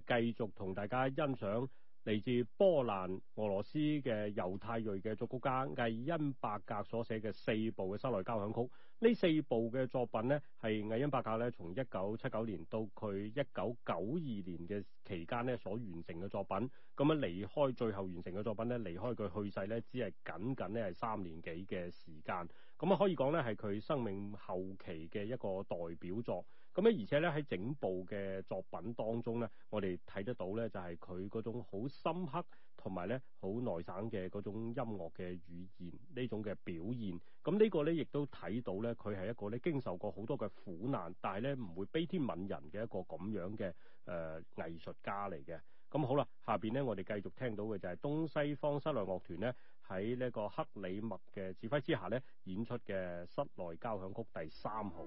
繼續同大家欣賞嚟自波蘭俄羅斯嘅猶太裔嘅作曲家魏恩伯格所寫嘅四部嘅室內交響曲。呢四部嘅作品呢，係魏恩伯格咧從一九七九年到佢一九九二年嘅期間所完成嘅作品。咁樣離開最後完成嘅作品咧，離開佢去世呢，只係僅僅係三年幾嘅時間。咁啊，可以講呢，係佢生命後期嘅一個代表作。咁而且咧，喺整部嘅作品當中咧，我哋睇得到咧，就係佢嗰種好深刻同埋咧好內省嘅嗰種音樂嘅語言呢種嘅表現。咁呢個咧，亦都睇到咧，佢係一個咧經受過好多嘅苦難，但係咧唔會悲天憫人嘅一個咁樣嘅誒、呃、藝術家嚟嘅。咁好啦，下邊咧我哋繼續聽到嘅就係東西方室內樂團咧喺呢個克里麥嘅指揮之下咧演出嘅室內交響曲第三號。